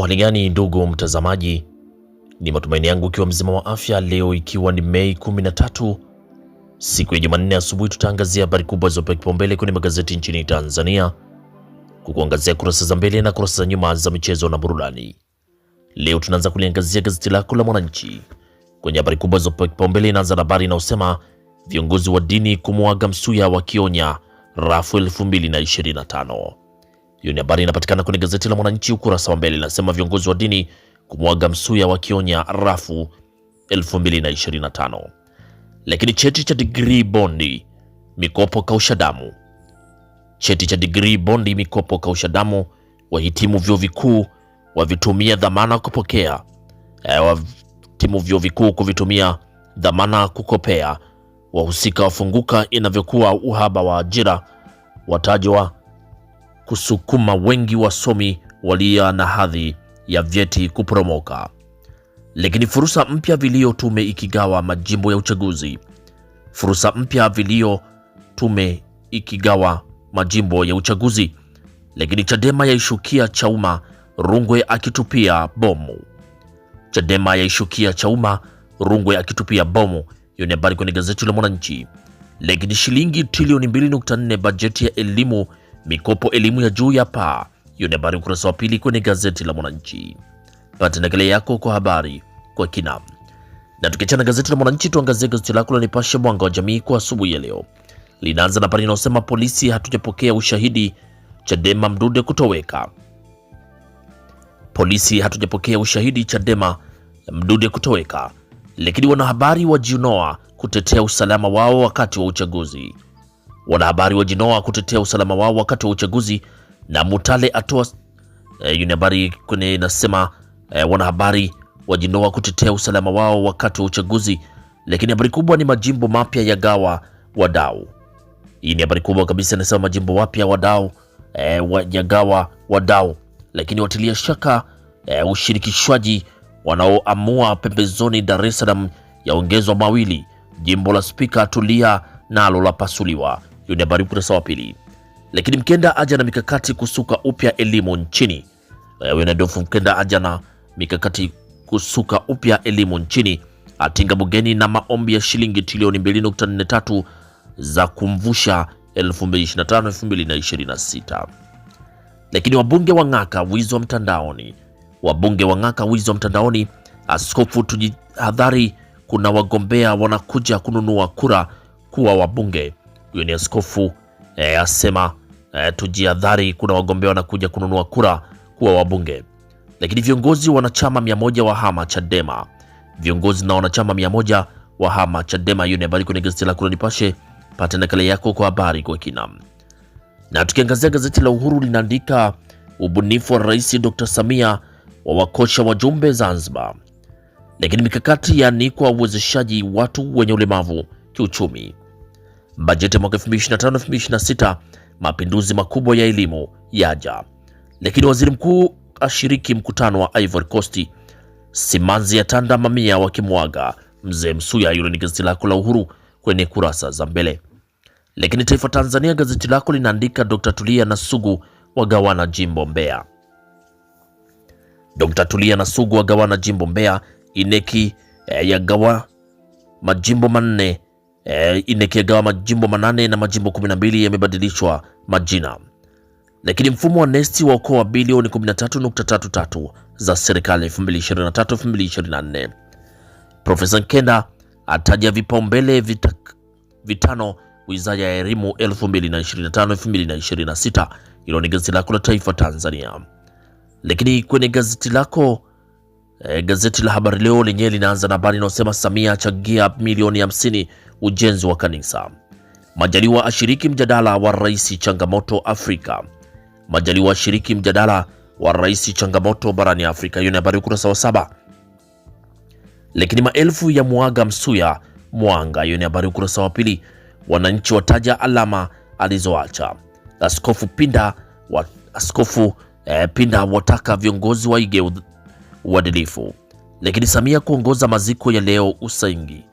Hali gani ndugu mtazamaji, ni matumaini yangu ikiwa mzima wa afya leo, ikiwa ni Mei 13 siku ya Jumanne asubuhi, tutaangazia habari kubwa zilizopewa kipaumbele kwenye magazeti nchini Tanzania, kukuangazia kurasa za mbele na kurasa za nyuma za michezo na burudani. Leo tunaanza kuliangazia gazeti lako la Mwananchi kwenye habari kubwa zilizopewa kipaumbele. Inaanza na habari inayosema viongozi wa dini kumwaga Msuya wakionya rafu 2025 hiyo ni habari inapatikana kwenye gazeti la Mwananchi ukurasa wa mbele, linasema viongozi wa dini kumwaga msuya wakionya rafu 2025. Lakini cheti cha digrii bondi mikopo kausha damu, cheti cha digrii bondi mikopo kausha damu, wahitimu vyuo vikuu wavitumia dhamana kupokea e, wahitimu vyuo vikuu kuvitumia dhamana kukopea, wahusika wafunguka inavyokuwa uhaba wa ajira watajwa kusukuma wengi wasomi walio na hadhi ya vyeti kuporomoka. Lakini fursa mpya vilio tume ikigawa majimbo ya uchaguzi. Fursa mpya vilio tume ikigawa majimbo ya uchaguzi. Lakini Chadema yaishukia Chauma, Rungwe akitupia bomu. Chadema yaishukia Chauma, Rungwe akitupia bomu. Hiyo ni habari kwenye gazeti la Mwananchi. Lakini shilingi trilioni 2.4 bajeti ya elimu mikopo elimu ya juu ya paa. Hiyo ni habari ukurasa wa pili kwenye gazeti la Mwananchi. Pata nakala yako kwa habari kwa kina. Na tukiachana gazeti la Mwananchi, tuangazie gazeti lako la Nipashe mwanga wa jamii kwa asubuhi ya leo. Linaanza na habari inayosema polisi, hatujapokea ushahidi Chadema Mdude kutoweka. Polisi, hatujapokea ushahidi Chadema Mdude kutoweka, lakini wanahabari wajinoa kutetea usalama wao wakati wa uchaguzi. Wanahabari wajinoa kutetea usalama wao wakati wa uchaguzi na Mutale atoa e, habari kwenye inasema e, wanahabari wajinoa kutetea usalama wao wakati wa uchaguzi, lakini habari kubwa ni majimbo mapya ya gawa wadau. Hii ni habari kubwa kabisa, inasema majimbo wapya wadau e, eh, wajagawa wadau, lakini watilia shaka e, ushirikishwaji wanaoamua pembezoni. Dar es Salaam yaongezwa mawili, jimbo la spika Tulia nalo lapasuliwa. Hiyo ni habari ukurasa wa pili. Lakini Mkenda aja na mikakati kusuka upya elimu nchini. Winadofu eh, Mkenda aja na mikakati kusuka upya elimu nchini, atinga bugeni na maombi ya shilingi trilioni 2.43 za kumvusha 2025 2026. Lakini wabunge wang'aka wizi wa mtandaoni, wabunge wang'aka wizi wa mtandaoni. Askofu, tujihadhari, kuna wagombea wanakuja kununua kura kuwa wabunge. Huyo ni askofu e, asema e, tujiadhari, kuna wagombea wanakuja kununua kura kuwa wabunge. Lakini viongozi wanachama mia moja wa hama Chadema, viongozi na wanachama mia moja wa hama Chadema. Hiyo ni habari kwenye gazeti la Nipashe, pata nakala yako kwa habari kwa kina. Na tukiangazia gazeti la Uhuru linaandika ubunifu wa Rais Dr. Samia wa wakosha wajumbe Zanzibar, lakini mikakati yaanikwa uwezeshaji watu wenye ulemavu kiuchumi. Bajeti mwaka 2025-2026 mapinduzi makubwa ya elimu yaja. Lakini waziri mkuu ashiriki mkutano wa Ivory Coast. Simanzi ya tanda mamia wakimwaga mzee Msuya. Hilo ni gazeti lako la Uhuru kwenye kurasa za mbele. Lakini Taifa Tanzania gazeti lako linaandika Dr. Tulia na Sugu wagawana jimbo Mbeya. Dr. Tulia na Sugu wagawana jimbo Mbeya. Ineki eh, yagawa majimbo manne Eh, e, nikiagawa majimbo manane na majimbo 12 yamebadilishwa majina, lakini mfumo wa nesti wa ukoo wa bilioni 13.33 za serikali 2023-2024. Profesa Nkenda ataja vipaumbele vitano wizara ya elimu 2025-2026. Hilo ni gazeti lako la Taifa Tanzania, lakini kwenye gazeti lako e, gazeti la Habari Leo lenyewe linaanza na habari inayosema Samia achangia milioni h0 ujenzi wa kanisa. Majaliwa ashiriki mjadala wa rais changamoto Afrika. Majaliwa ashiriki mjadala wa rais changamoto barani Afrika. Hiyo ni habari ukurasa wa saba. Lakini maelfu ya mwaga Msuya Mwanga. Hiyo ni habari ukurasa wa pili. Wananchi wataja alama alizoacha. Askofu Pinda wa, Askofu eh, Pinda wataka viongozi waige uadilifu. Lakini Samia kuongoza maziko ya leo Usaingi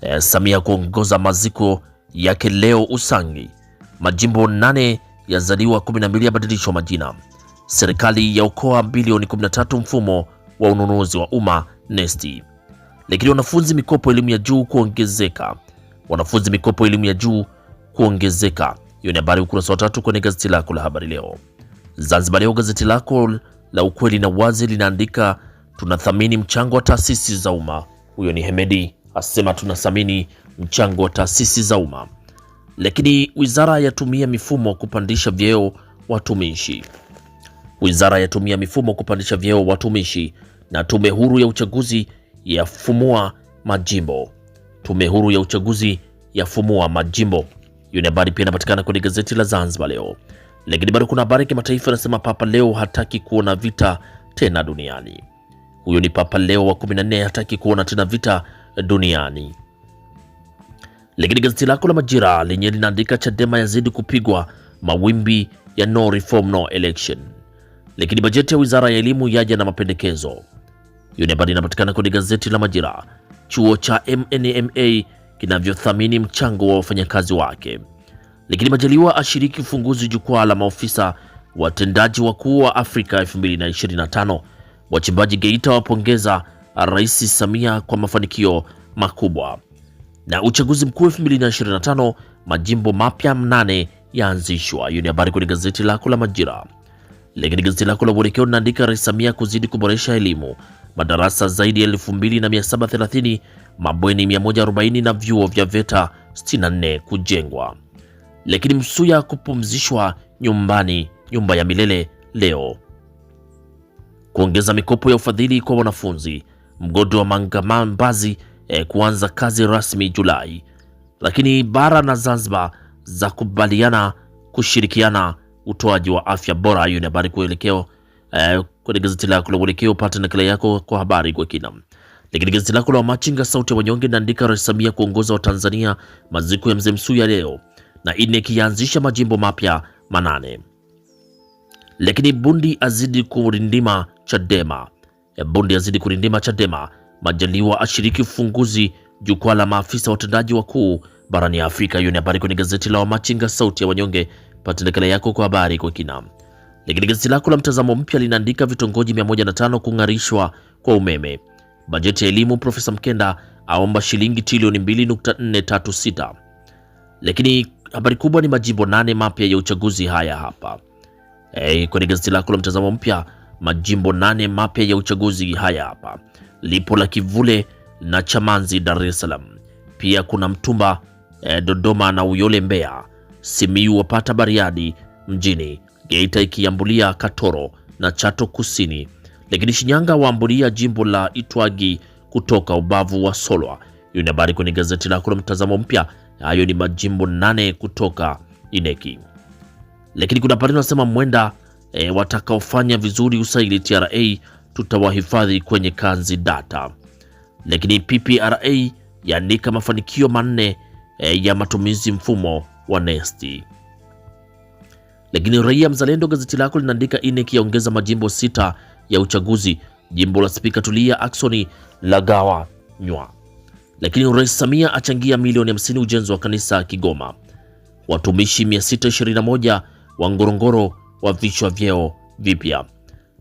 eh, Samia kuongoza maziko yake leo Usangi. Majimbo nane yazaliwa 12 yabadilishwa majina. Serikali yaokoa bilioni 13 mfumo wa ununuzi wa umma nesti. Lakini wanafunzi mikopo elimu ya juu kuongezeka, wanafunzi mikopo elimu ya juu kuongezeka. Hiyo ni habari ukurasa wa tatu kwenye gazeti lako la habari leo. Zanzibar Leo, gazeti lako la ukweli na wazi, linaandika tunathamini mchango wa taasisi za umma. Huyo ni Hemedi asema tunathamini mchango wa taasisi za umma. Lakini wizara yatumia mifumo kupandisha vyeo watumishi. Wizara yatumia mifumo kupandisha vyeo watumishi. Na tume huru ya uchaguzi yafumua majimbo. Tume huru ya uchaguzi yafumua majimbo. Hiyo ni habari pia inapatikana kwenye gazeti la Zanzibar Leo. Lakini bado kuna habari kimataifa inasema Papa Leo hataki kuona vita tena duniani. Huyo ni Papa Leo wa 14 hataki kuona tena vita duniani. Lakini gazeti lako la Majira lenye linaandika Chadema yazidi kupigwa mawimbi ya no reform no election. Lakini bajeti ya wizara ya elimu yaja na mapendekezo. Hiyo ni habari inapatikana kwenye gazeti la Majira. Chuo cha MNMA kinavyothamini mchango wa wafanyakazi wake. Lakini Majaliwa ashiriki ufunguzi jukwaa la maofisa watendaji wakuu wa Afrika 2025. Wachimbaji Geita wapongeza Rais Samia kwa mafanikio makubwa. Na uchaguzi mkuu 2025 majimbo mapya mnane yaanzishwa. Hiyo ni habari kwenye gazeti lako la Majira. Lakini gazeti lako la Mwelekeo linaandika Rais Samia kuzidi kuboresha elimu, madarasa zaidi ya 2730 mabweni 140 na vyuo vya VETA 64 kujengwa. Lakini Msuya kupumzishwa nyumbani, nyumba ya milele leo, kuongeza mikopo ya ufadhili kwa wanafunzi mgodi wa Mangamambazi e, eh, kuanza kazi rasmi Julai, lakini bara na Zanzibar za kubaliana kushirikiana utoaji wa afya bora. Hiyo ni habari kuelekeo e, kwenye gazeti lako la Uelekeo. Pata nakala yako kwa habari kwa kina. Lakini gazeti lako la Wamachinga sauti ya wanyonge inaandika Rais Samia kuongoza Tanzania maziko ya mzee Msuya leo na INEC yaanzisha majimbo mapya manane. Lakini bundi azidi kurindima Chadema Bonde azidi kurindima Chadema, Majaliwa ashiriki ufunguzi jukwaa la maafisa watendaji wakuu barani Afrika. Hiyo ni habari kwenye gazeti la Wamachinga, sauti ya wanyonge. Pata nakala yako kwa habari kwa kina. Lakini gazeti lako la Mtazamo Mpya linaandika vitongoji 105 kung'arishwa kwa umeme. Bajeti ya elimu, Profesa Mkenda aomba shilingi trilioni 2.436. Lakini habari kubwa ni majimbo nane mapya ya uchaguzi. Haya hapa Hey, eh, kwenye gazeti lako la Mtazamo Mpya Majimbo nane mapya ya uchaguzi haya hapa: lipo la Kivule na Chamanzi Dar es Salaam, pia kuna Mtumba eh, Dodoma na Uyole Mbeya, Simiu wapata Bariadi mjini, Geita ikiambulia Katoro na Chato Kusini, lakini Shinyanga waambulia jimbo la Itwagi kutoka ubavu wa Solwa. Hiyo ni habari kwenye gazeti lako la Mtazamo Mpya. Hayo ni majimbo nane kutoka Ineki, lakini kuna pale inasema mwenda e, watakaofanya vizuri usaili TRA tutawahifadhi kwenye kanzi data. Lakini PPRA yaandika mafanikio manne e, ya matumizi mfumo wa nesti. Lakini Raia Mzalendo gazeti lako linaandika INEC yaongeza majimbo sita ya uchaguzi, jimbo la Spika Tulia Aksoni la gawa nywa. Lakini Rais Samia achangia milioni 50 ujenzi wa kanisa Kigoma. Watumishi 621 wa Ngorongoro wa vichwa vyeo vipya.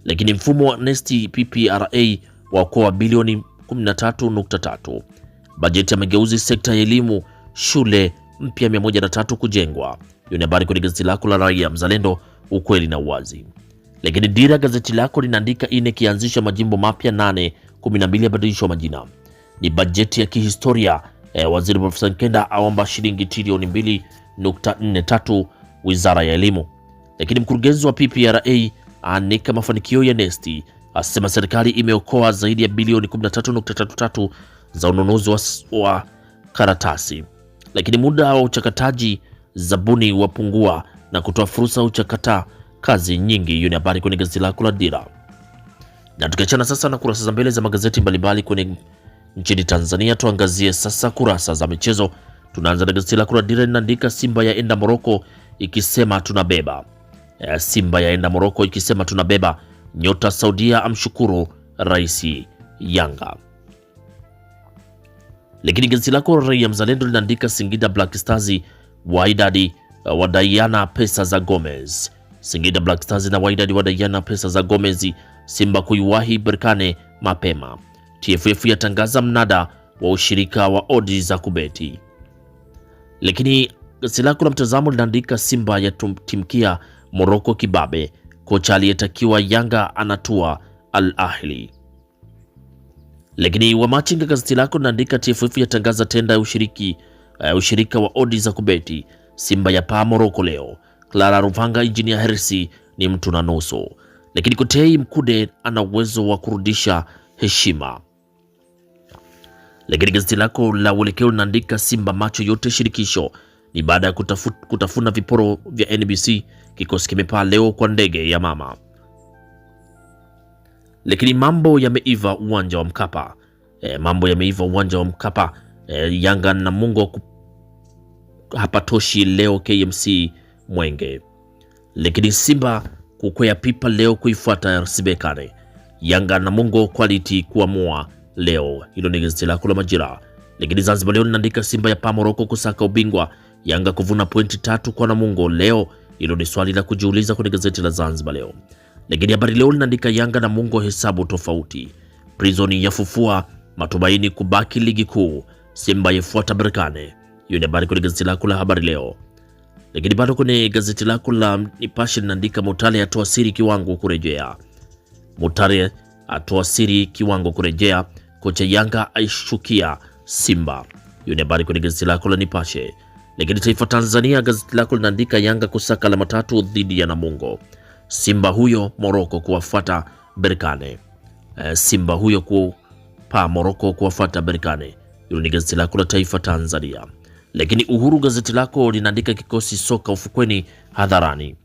Lakini mfumo wa NeST PPRA waokoa bilioni 13.3. Bajeti ya mageuzi sekta ya elimu, shule mpya 103 kujengwa. Hiyo ni habari kwenye gazeti lako la Raia Mzalendo, ukweli na uwazi. Lakini Dira gazeti lako linaandika INEC kianzisha majimbo mapya 8, 12 yabadilishwa majina. Ni bajeti ya kihistoria eh. Waziri Profesa Nkenda aomba shilingi trilioni 2.43 wizara ya elimu lakini mkurugenzi wa PPRA aanika mafanikio ya Nesti, asema serikali imeokoa zaidi ya bilioni 13.33 za ununuzi wa, wa karatasi. Lakini muda wa uchakataji zabuni wapungua na kutoa fursa uchakata kazi nyingi. Hiyo ni habari kwenye gazeti lako la Dira. Na tukiachana sasa na kurasa za mbele za magazeti mbalimbali kwenye nchini Tanzania, tuangazie sasa kurasa za michezo. Tunaanza na gazeti lako la Dira linaandika Simba ya enda Moroko ikisema tunabeba Eh, Simba yaenda Moroko ikisema tunabeba nyota. Saudia amshukuru Rais Yanga. Lakini gazeti lako Raia Mzalendo linaandika Singida Black Stars Wydad eh, wadaiana pesa za Gomez. Singida Black Stars na Wydad wadaiana pesa za Gomez. Simba kuiwahi Berkane mapema. TFF yatangaza mnada wa ushirika wa odi za kubeti. Lakini gazeti lako la Mtazamo linaandika Simba yatimkia Moroko Kibabe, kocha aliyetakiwa Yanga anatua Al Ahli. Lakini Wamachinga, gazeti lako linaandika TFF yatangaza tenda ya ushiriki, uh, ushirika wa odi za kubeti. Simba ya paa Moroko leo. Clara Ruvanga, injinia Hersi ni mtu na nusu. Lakini Kotei Mkude ana uwezo wa kurudisha heshima. Lakini gazeti lako la Uelekeo linaandika Simba macho yote shirikisho ni baada ya kutafuna viporo vya NBC kikosi kimepaa leo kwa ndege ya mama. Lakini mambo yameiva uwanja wa Mkapa. E, mambo yameiva uwanja wa Mkapa. E, Yanga na Mungo hapatoshi leo KMC Mwenge. Lakini Simba kukwea pipa leo kuifuata RCB Yanga na Mungo quality kuamua leo. Hilo ni gazeti lako la Majira. Lakini Zanzibar leo linaandika Simba ya pa Moroko kusaka ubingwa, Yanga kuvuna pointi tatu kwa Namungo leo. Hilo ni swali la kujiuliza kwenye gazeti la Zanzibar Leo. Lakini Habari Leo linaandika Yanga na Mungu hesabu tofauti, Prison yafufua matumaini kubaki ligi kuu, Simba yafuata Berkane. Hiyo ni habari kwenye gazeti lako la Habari Leo. Lakini bado kwenye gazeti lako la Nipashe linaandika Mutale atoa siri kiwango kurejea, Mutale atoa siri kiwango kurejea, kocha Yanga aishukia Simba. Hiyo ni habari kwenye gazeti lako la Nipashe. Lakini Taifa Tanzania gazeti lako linaandika Yanga kusaka alama tatu dhidi ya Namungo, Simba huyo Moroko kuwafuata Berkane, eh, Simba huyo kupaa Moroko kuwafuata Berkane. Hilo ni gazeti lako la Taifa Tanzania. Lakini Uhuru gazeti lako linaandika kikosi soka ufukweni hadharani,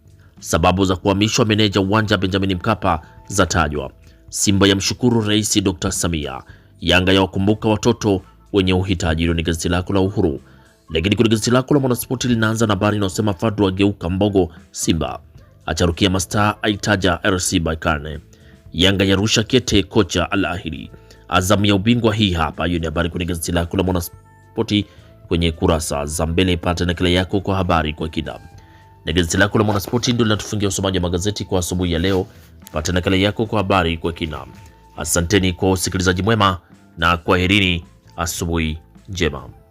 sababu za kuhamishwa meneja uwanja Benjamin Mkapa zatajwa, Simba ya mshukuru Rais Dr Samia, Yanga ya watoto wenye uhitaji. Hilo ni gazeti lako la Uhuru. Lakini kwenye gazeti lako la Mwanaspoti linaanza na habari inayosema Fadu ageuka mbogo Simba, acharukia mastaa aitaja RC Berkane, Yanga yarusha kete kocha Al Ahly, Azam ya ubingwa hii hapa. Hiyo ni habari kwenye gazeti lako la Mwanaspoti kwenye kurasa za mbele, pata nakala yako kwa habari kwa kina. Na gazeti lako la Mwanaspoti ndio linatufungia usomaji wa magazeti kwa asubuhi ya leo. Pata nakala yako kwa habari kwa kina. Asanteni kwa usikilizaji mwema na kwaherini, asubuhi njema.